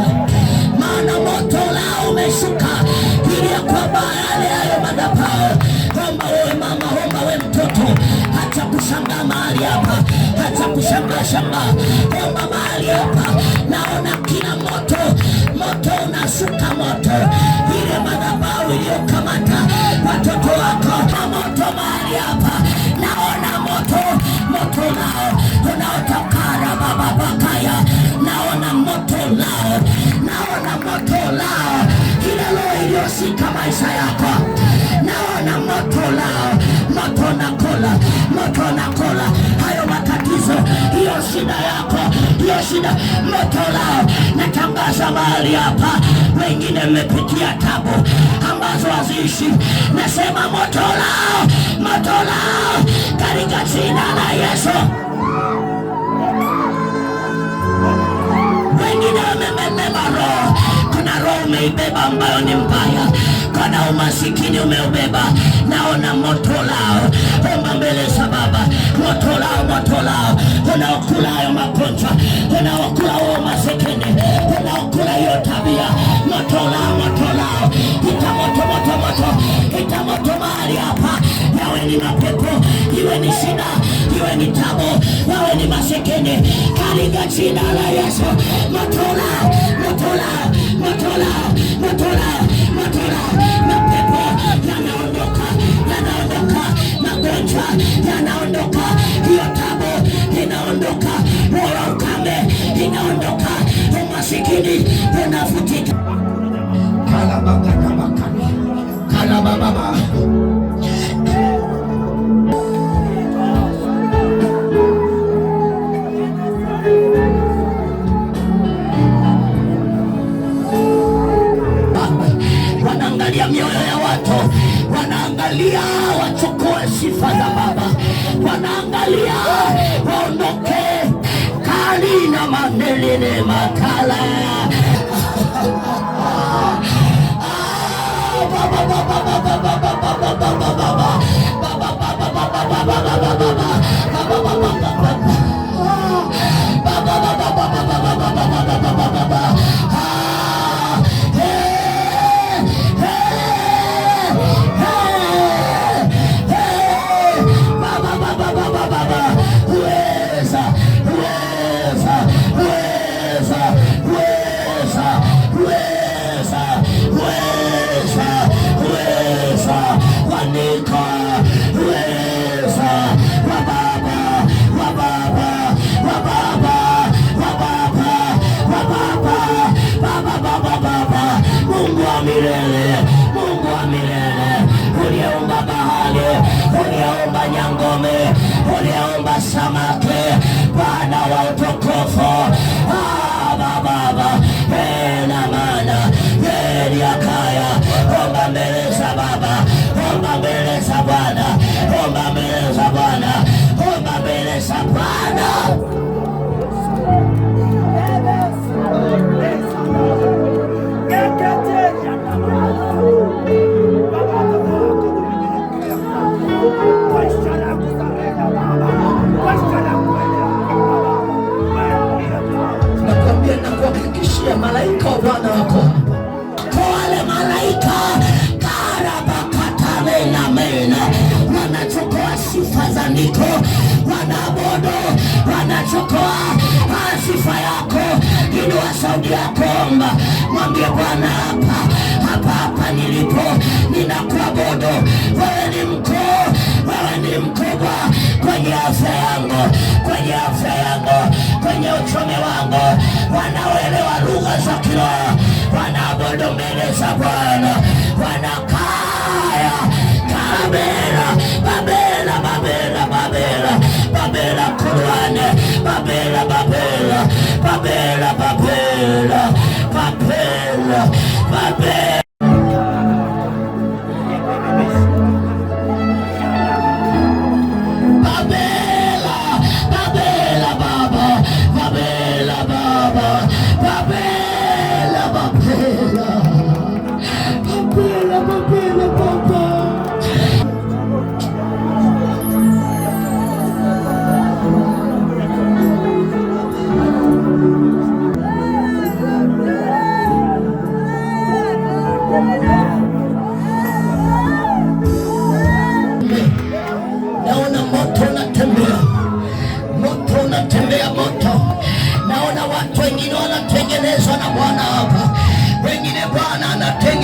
yako, maana moto lao umeshuka, ili ya kwamba yale hayo madhabahu. Omba wewe mama, omba wewe mtoto, hata kushangaa mahali hapa, hata kushangaa shamba, omba mahali hapa, naona kina moto moto unakola hayo matatizo, hiyo shida yako, hiyo shida moto lao. Natangaza mahali hapa, wengine mmepitia tabu ambazo haziishi, nasema moto lao, moto lao katika jina la Yesu. Wengine wamebeba roho, kuna roho umeibeba ambayo ni mbaya kana na umasikini umeubeba, naona moto lao. Omba mbele za Baba, moto lao, moto lao unaokula hayo magonjwa, unaokula huo umasikini, unaokula hiyo tabia, moto lao, moto lao, ita moto, moto, moto, ita moto mahali hapa, yawe ni mapepo, iwe ni shida, iwe ni tabo, wawe ni masikini, katika jina la Yesu, moto lao, moto lao, mapepo yanaondoka, yanaondoka, magonjwa yanaondoka, hiyo tabo inaondoka, moyo ukame inaondoka, umasikini unafutika. kalabakatabaka kalabababa wanaangalia wachokoe sifa za Baba, wanaangalia waondoke kali na mandelele makala Baba, Baba, Baba, Baba, Baba, Baba, Baba, Baba. kuomba, mwambie Bwana, hapa hapa hapa nilipo ninakuabudu. Wewe ni mkuu, wewe ni mkubwa kwenye afya yangu, kwenye afya yangu, kwenye uchumi wangu. Wanaoelewa lugha za kiroho wanaabudu mbele za Bwana wana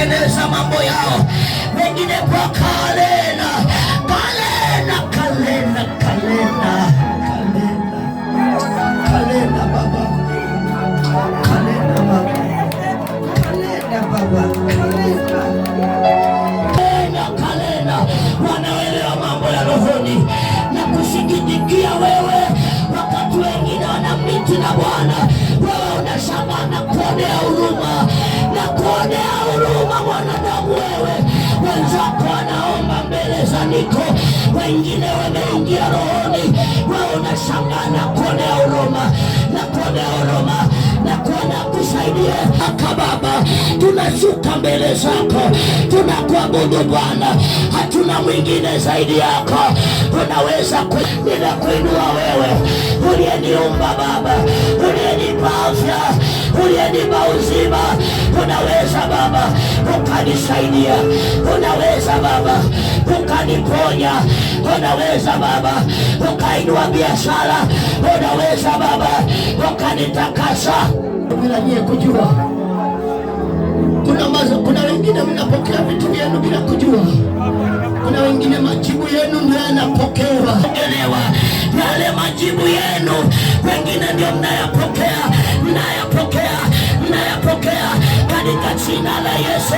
kutengeneza mambo yao, wengine kwa kale shamba na kuonea huruma na kuonea huruma na kuona kusaidie akaba tunashuka mbele zako, tunakuabudu Bwana, hatuna mwingine zaidi yako. Unaweza kwenda kuinua wewe, uliyeniumba Baba, uliyenipa afya, uliyenipa uzima. Unaweza Baba ukanisaidia, unaweza Baba ukaniponya, unaweza Baba ukainua biashara, unaweza Baba ukanitakasa bila niye kujua kuna mazo, kuna wengine mnapokea vitu vyenu bila kujua, kuna wengine majibu yenu ndio yanapokewa elewa, yale majibu yenu wengine ndio mnayapokea, mnayapokea, mnayapokea katika jina la Yesu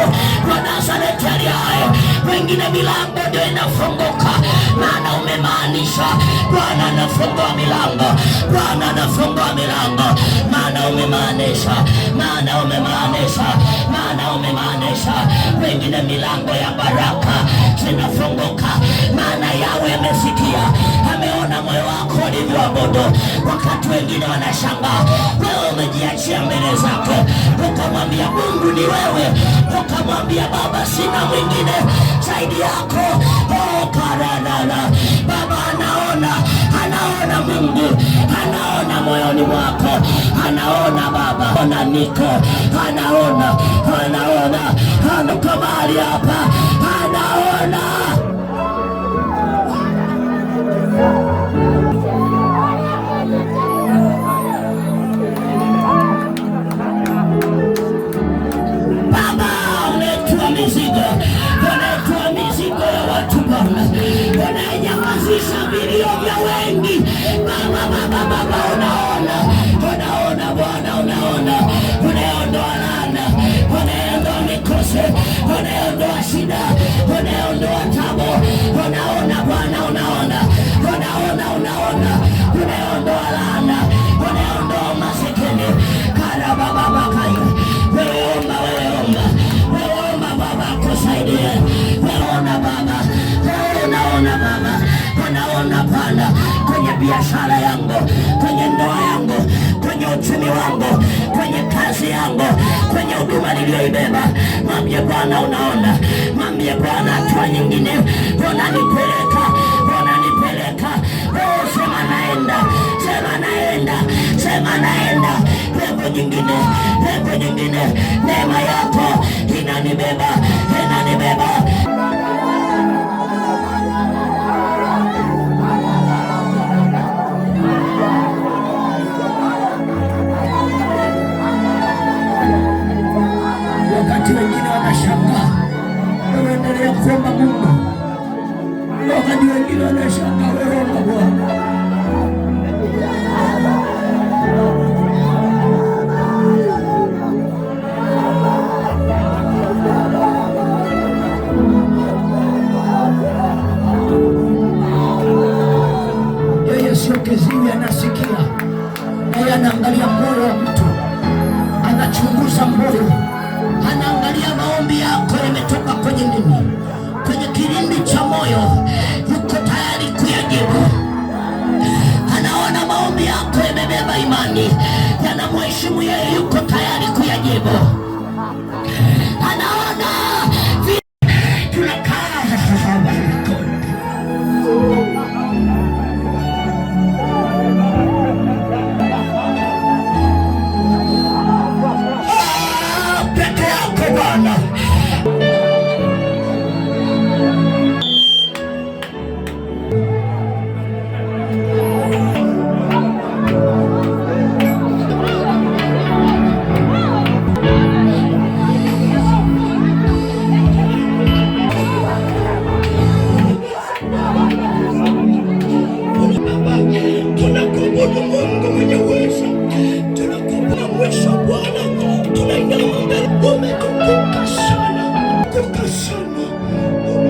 wa Nazareti aliye hai. Wengine milango ndio inafunguka, maana umemaanisha Bwana anafungua milango, Bwana anafungua milango, maana umemaanisha, maana umemaanisha kunyesha, pengine milango ya baraka zinafunguka, maana yawe amesikia ame walivyoa Wakati wengine wanashangaa, wewe umejiachia mbele zake, ukamwambia Mungu ni wewe, ukamwambia Baba, sina mwingine zaidi yako. Oh, Baba anaona, anaona Mungu anaona moyoni mwako, anaona Baba, ona niko, anaona, anaona, anaona kama hapa, anaona aliyoibeba. Mwambie Bwana unaona, mwambie Bwana hatua nyingine, unanipeleka, unanipeleka. Oh, sema naenda, sema naenda, sema naenda, pepo nyingine, pepo nyingine. Neema yako inanibeba, inanibeba imani na namheshimu yeye, yuko tayari kuyajibu.